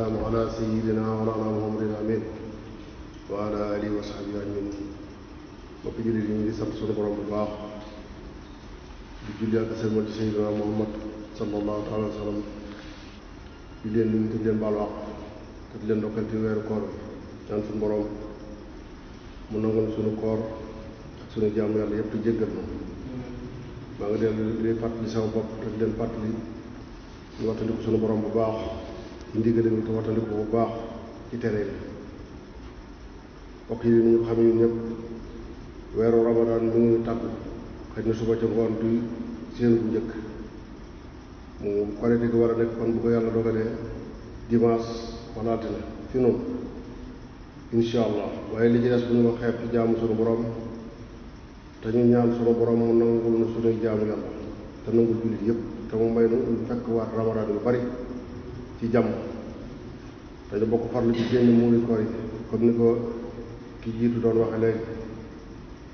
والسلام على سيدنا ومولانا محمد امين وعلى اله وصحبه اجمعين mbokk jullit yi ñu ngi sant suñu borom bu baax di julli ak sëlmal ci Seydina Muhammad sallallahu taala wa sallam di mu nangoon suñu koor ak suñu yàlla yëpp te jéggal na maa ngi leen di fàttali sama bopp te di leen fàttali ñu waxtandi ko borom bu baax ci ndigalam yi te watali ko bu baax ci tere yi mbokk yi ñu xam ñun ñëpp weeru ramadaan mu ngi tàggu xëy na suba ca ngoon du seen bu njëkk mu korite gi war a nekk kon bu ko yàlla dogalee dimanche wala altine fi noonu incha waaye li ci des bu ñu ci jaamu sunu borom te ñu ñaan sunu borom mu nangul nu sunuy jaamu yàlla te nangul jullit yëpp te mu may nu fekk waat ramadaan yu bari ci jàmm te da bokk farlu ci génn muuri koor yi comme ni ko ki jiitu doon waxe léegi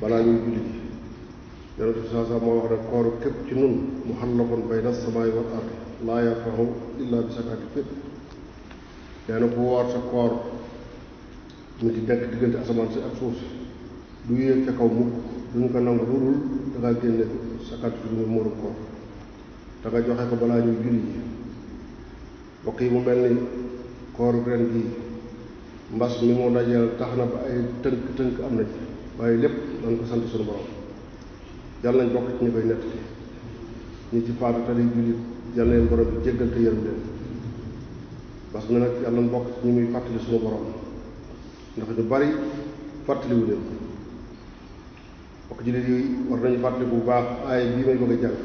balaa ñuy julli ji yonent bi saa saa moo wax rek kooru képp ci nun muxallaqun bayna samaai wal ard laa sa koor mu ngi nekk diggante asamaan si ak suuf si du yéeg ca ko nangu lu dul danga génne zakaati fitr muy muuru koor danga joxe ko balaa ñuy julli ji mbokk yi mu mel ni kooru ren gi mbas mi mu dajeel tax na ba ay tënk-tënk am na ci waaye lépp dañ ko sant suñu borom yàlla nañ bokk ci ñu koy nettali ñi ci faatu tali jullit yàlla leen borom bi jéggal te mbas mi nag yàlla nañ bokk ci ñu muy fàttali suñu borom ndax ñu bari fàttaliwu leen bokk jullit yi war nañu fàttali bu baax aay bii may bëgg a jàng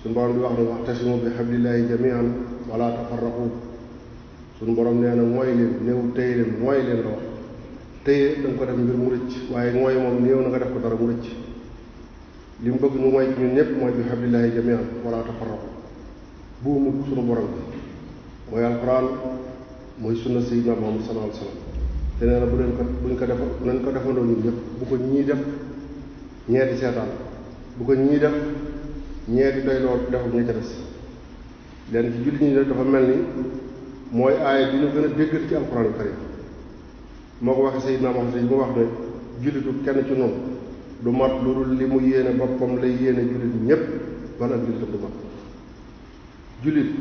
suñu borom bi wax na wax tasimu bi xablillahi jamian wala tafarraqu suñu borom nee na mooy leen néew téye leen mooy leen la wax téye da ko def mbir mu rëcc waaye mooy moom néew na nga def ko dara mu rëcc li mu bëgg ñu mooy ci ñun ñëpp mooy bi hablillahi jamian wala tafarraqu buumu suñu borom bi mooy mooy sunna sayyidina Muhammad sallallahu alayhi bu leen buñ ko defa nañ ko defandoo ñun ñëpp bu ko ñii def ñee di seetaan bu ko ñii def ñee di doy lool defam des leen ci julli ñi dafa mel ni mooy aaya bi ñu gën a déggal ci alxuraanu karim moo ko sey Seydina Muhammad mu wax ne jullitu kenn ci noonu du mat lu dul li mu yéene boppam lay yéene jullit ñépp ban ak jullitam du mat jullit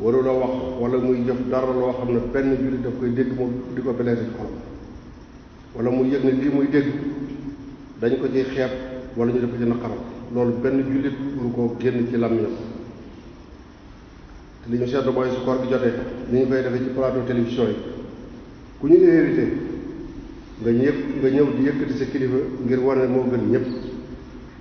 warul a dara loo xam ne benn jullit daf koy dégg moom di ko beleesi ci xolam wala mu yëg ne lii muy dégg dañ ko ciy xeeb wala ñu def ko ci naqaram loolu benn jullit waru koo génn ci làmmiñam li ñu seetlu mooy su koor gi jotee ni ñu koy defee ci plateau télévision yi ku ñu invité nga ñëw di yëkkati sa kilifa ngir wane moo gën ñëpp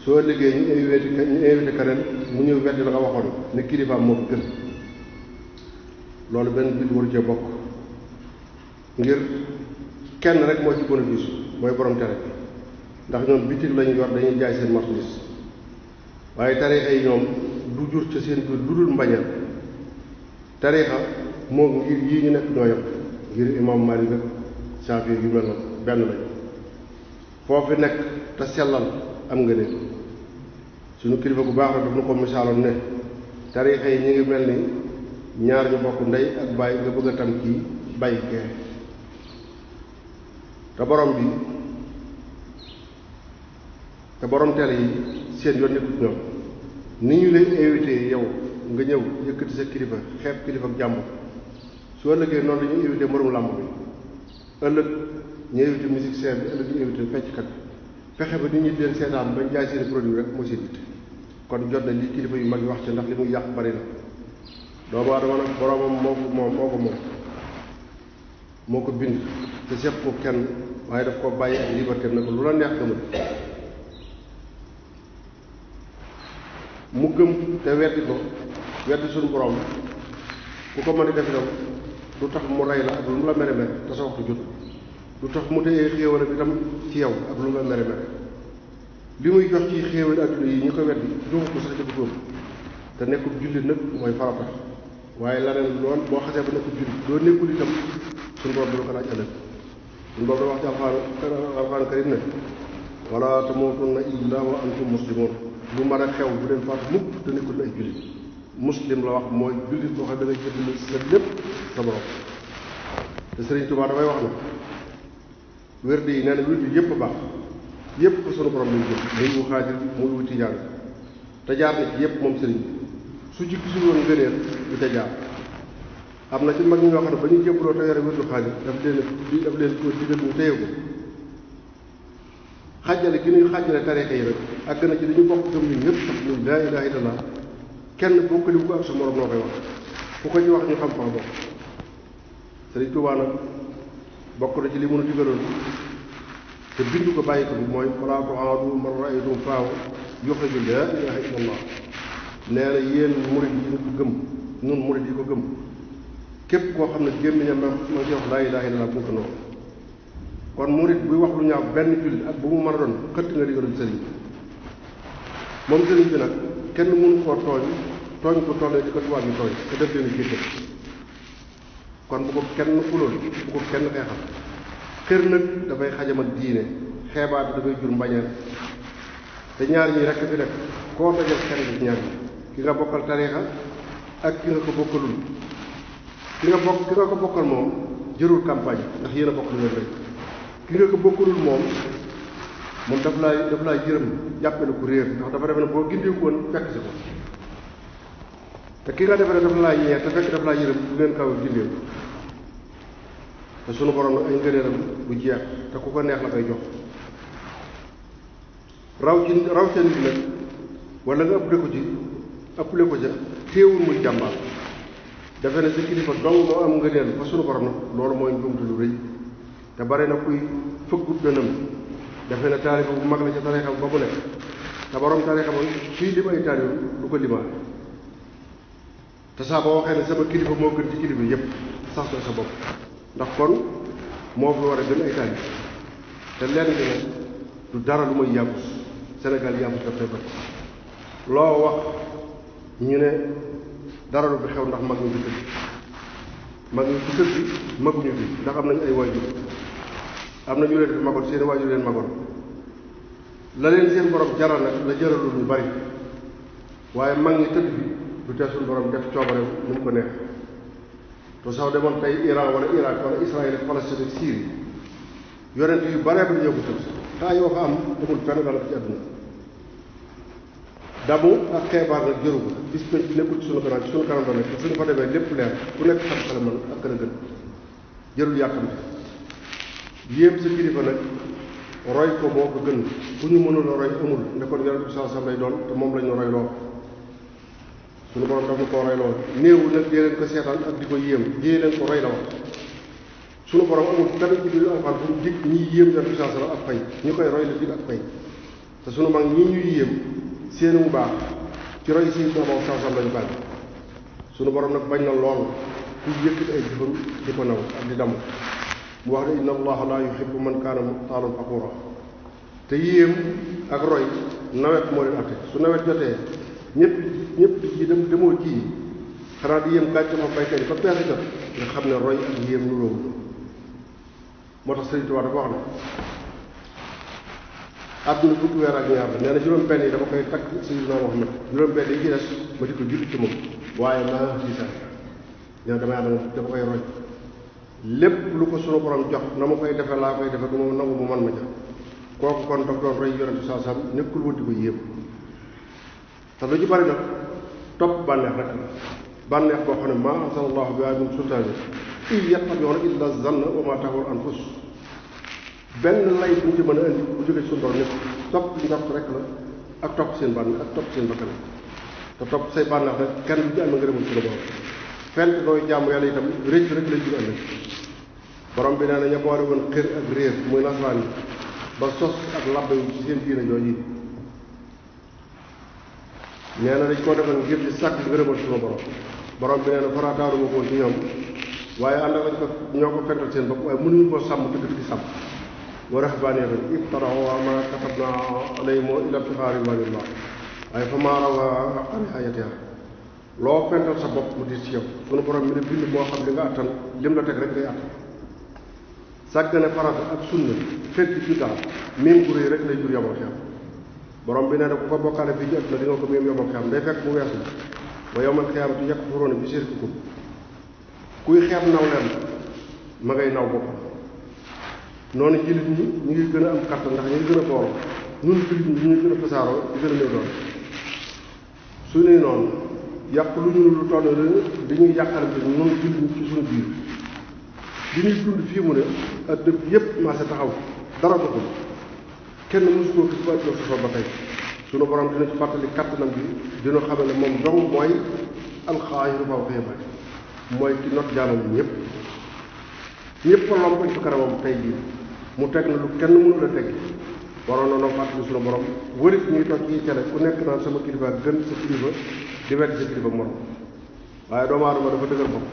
soo liggéey ñu invité ñu invité mu ñëw weddi la nga waxoon ne kilifaam moo gën loolu benn bit waru cee bokk ngir kenn rek moo ci bénéfice mooy borom tere ndax ñoom bitig lañu yor dañuy jaay seen marchandise waaye tare ay ñoom du jur ca seen biir lu dul mbañal tarixa moo ngir yii ñu nekk ñoo yëpp ngir imam Malik ak Shafi yu mel noonu benn lañ foofu nekk te sellal am nga ne suñu kilifa bu baax rek daf na ko misaaloon ne tarixa yi ñu ngi mel ni ñaar ñu bokk ndey ak bàyyi nga bëgg a tam kii bàyyi kee te borom bi te borom tele yi seen yoon nekkut ñoom ñu lay invité yow nga ñëw yëkkati sa kilifa xeeb kilifam jàmbur su ëllëgee noonu la ñuy invité moromu làmb bi ëllëg ñu invité musicien bi ëllëg ñu invité fecckat bi fexe ba nit ñu di leen seetaan bañ jaay seeni produit rek moo seen yitte kon jot na li kilifa yu mag yi wax ci ndax li mu yàq bari na doomu aadama nag boroomam moo ko moom moo ko moom moo ko bind te sepp ko kenn waaye daf ko bàyyi ak liberté na ko lu la neex gëmal mu gëm te weddi ko weddi suñu borom ku ko mën a def itam du tax mu rey la ak lu mu la mere mere te sa waxtu jot du tax mu téye xéewal bi tam ci yow ak lu mu la mere mere li muy jox ci xéewal adduna yi ñu ko weddi joxu ko sax jëfandikoo te nekkul jullit nag mooy farata waaye laneen lool boo xasee ba nekkul jullit doo nekkul itam suñu borom dina ko laaj ëllëg suñu borom wax ci alxuraan alxuraan karim ne wala tamutunna illa wa antum muslimun lu mën a xew bu leen faatu mukk te nekkul muslim la wax mooy jullit boo xam ne da nga jënd sa lépp sa borom te sëriñ Tuubaa dafay wax na wérdi yi nee na wérdi yëpp a baax yépp ko sunu borom lañ jël muy wu xaajir te jaar yëpp moom sëriñ bi su ci gisul na ci mag ñi nga xam ne ba ñu jébbaloo te yore wérdu xaajir daf leen di daf leen ko digal gi ñuy xàjjale tariixa yi rek ak na a ci dañu bokk gëm ñun ñëpp sax muy laa ilaaha illallaah kenn boo ko li bu ak sa morom noo koy wax ku ko ci wax ñu xam faa bokk Sëriñ Tuubaa nag bokk na ci li mënu digaloon te bind ko bàyyi ko bi mooy falaa tuaadu man yi ko gëm nun murid yi ko gëm koo xam ne gémmiñam ma ma ngi wax laa ilaaha illallah bu ko noonu kon murid buy wax lu ñaaw benn jullit ak bu mu mën a doon xëtt nga digalu sëriñ moom sëriñ bi nag kenn mënu koo tooñ tooñ ko tollee di ko tubaab yi tooñ def leen jiite kon bu ko kenn fulool bu ko kenn xeexal xër nag dafay xajam ak diine xeebaat bi dafay jur mbañeel te ñaar yi rekk fi nekk koo dajal kenn ci ñaar ñi ki nga bokkal tariixa ak ki nga ko bokkalul ki nga bokk ki nga ko bokkal moom jërul campagne ndax yéen a bokk lu rek ki nga ko bokkalul moom moom daf laa daf laa yërëm jàppe na ku réer ndax dafa defe ne boo gindeeku woon fekk si ko te ki nga defe ne daf laa yee te fekk daf laa yërëm du leen kaw gindeeku te sunu borom ay ngëneelam bu jeex te ku ko neex na koy jox raw ci raw ca nit nag wala nga ëppale ko ci ko ca téewul muy jàmbaar defe ne sa kilifa dong moo am ngëneel fa sunu borom nag loolu mooy njuumte lu rëy te bare na kuy fëggut dënam defe na taaliba bu mag la ca tarixa ba bu nekk te borom tarixa ba suy lim ay taaliba du ko limaale te saa boo waxee ne sama kilifa moo gën ci kilifa yëpp sax sa bopp ndax kon moo fi war a gën ay taaliba te lenn li nag dara lu may yàbbus Sénégal yàbbus dafay bëri loo wax ñu ne dara lu fi xew ndax mag ñu fi tëdd mag ñu fi ndax am nañu ay waajur am na ñu leen fi magoon seen waajur leen magoon la leen seen borom jaral nag la jaralul ñu bari waaye mag ñi tëdd bi du tee suñu borom def coobareem nu mu ko neex te sax demoon tey Iran wala Irak wala Israël ak Syrie yonent yu baree ba ñëw ko yoo ko am demul fenn dara ci àdduna damu ak xeebaar nag jëru ko bis pénc bi suñu kanam ci suñu kanam la nekk suñu fa demee lépp leer ku nekk xam xale ak gën a gën jërul yàkkamti yéem sa kilifa nag roy ko moo ko gën ku ñu mënul a roy amul ne kon moom la ñu roy loo suñu borom loo néewul nag dee ko seetaan ak di ko yéem dee leen ko roy la wax suñu borom amul dara ci biir alxuraan bu bi saa sam ak pay ñu koy roy la dig ak pay te suñu mag lañu bàyyi suñu borom nag bañ na lool ku yëkkati ay jëfam di ko naw ak di damm mu na ne inna allaha la yuhibbu man kaana muxtaalan faxuura te yéem ak roy nawet moo leen su nawet jotee ñëpp ñëpp ji dem demoo ji xanaa di yéem gàcce ma xam ne roy ak yéem lu loolu moo tax Sëriñ la nee benn yi dama koy takk Sayyidina Muhammad juróom benn yi ma di ko julli ci moom waaye maa ngi ci saa nee na damay dama koy roy lépp lu ko sunu borom jox na ma koy defe laa koy defe du ma nangu mu man ma jox kooku kon daf doon roy yonent bi saa nekkul wuti ko yéem te lu ci bari topp bànneex rek la bànneex boo xam ne maa anzalallahu bihaa min sultaan in yattabi'uuna illa zanna wa maa tahwal anfus benn lay bu ñu ci mën a indi bu jóge sunu borom nekk topp njort rek la ak topp seen bànneex ak topp seen bakkan te topp say bànneex rek kenn du ci am ngërëmul sunu borom fent nooy jàmm yàlla itam réccu rek la jur bi nee na ña boole woon xër ak réer muy nasaraan yi ba sos ak labbe ci seen diina jooju nee na dañ koo defal ngir di sàkk ngërëmal suma borom borom bi nee na farataaruma ko ci ñoom waaye ànd ak lañ ko ñoo ko fental seen bopp waaye mënuñu koo sàmm dëgg di sàmm wa rahbaaniyatan ibtadaawhaa maa katabnaa alayhim illaa ibtigaa'aa ridwaanillaahi waaye fa maa rawhaa haqqa loo fental sa bopp mu diis ci yow sunu borom mi ne bind moo xam li nga attan lim la teg rek ngay attan sàggane farata ak sunna fekk ci daal miim gu rëy rek lay jur yomal xiyam borom bi nee na ku ko bokkaale fii ci àdduna di nga ko miim yomal xiyam day fekk mu weesu ba yomal xiyamati yakfuruuna bi shirkikum kuy xeeb naw leen ma ngay naw boppam noonu jullit ñi ñu ngi gën a am kàttan ndax ñu ngi gën a booloo ñun jullit ñi ñu ngi gën a fasaaroo di gën a néew yàq lu ñu lu toll ne dañuy yàqante noonu jullit ci suñu biir bi ñuy dund fii mu ne adduna bi yépp maa sa taxaw dara doxul kenn mësu koo gis ba adduna soso ba tey suñu borom dina bi dina xame ne moom dong mooy alxaayiru faw xëy ba mooy ki not jaamam bi ñëpp kanamam tey jii mu teg na lu kenn mënu la teg waroon na noo fàttali suñu borom wërit ñuy toog ci cele ku nekk naan sama kilifa gën sa kilifa di wedd sa kilifa morom waaye doomu aadama dafa dëgër bopp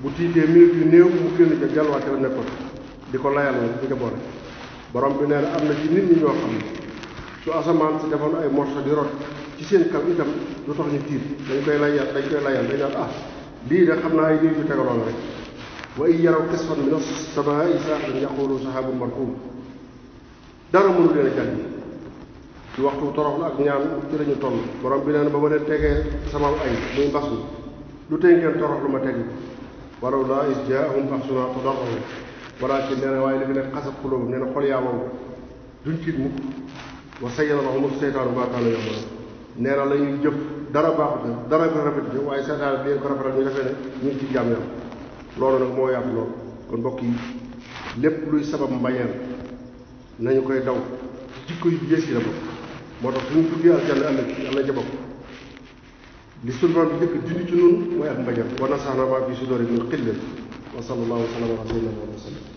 bu tiitee minute yu néew mu génn ca delluwaat ca la nekkoon di ko layal moom di ca boole borom bi nee am na ji nit ñi ñoo xam ne su asamaan si defoon ay morso di rot ci seen kaw itam du tax ñu tiit dañ koy layal dañ koy layal dañ naan ah lii de xam naa ay lii yu tegaroon rek wa in yaraw kisfan min as-samaa'i saaqatan yaqulu dara ci waxtu toroxlu ak ñaan ci lañu toll borom bi nee na ba ma leen tegee sama ay muy mbas mi lu te ngeen toroxlu ma teg waraw laa is jaahum baxsuna tadarru waaye li fi nekk xasat xulóobu nee na xol yaa wow duñ ciit mukk wa sayyara lahum la ñuy jëf dara baaxut na dara ko rafet jëf waaye seytaan bi ko rafetal ñu loolu nag moo yàpp loolu kon mbokk yi lépp luy sabab mbañeel nañu koy daw jikko yu yées yi la moo tax suñu duggee aljanna am na am na jabam li suñu borom bi njëkk dindi ci noonu mooy ak mbañal wa nasaxna maa fi sudoorihim min xillin wa sallallahu wa sallam ala sayyidina wa sallam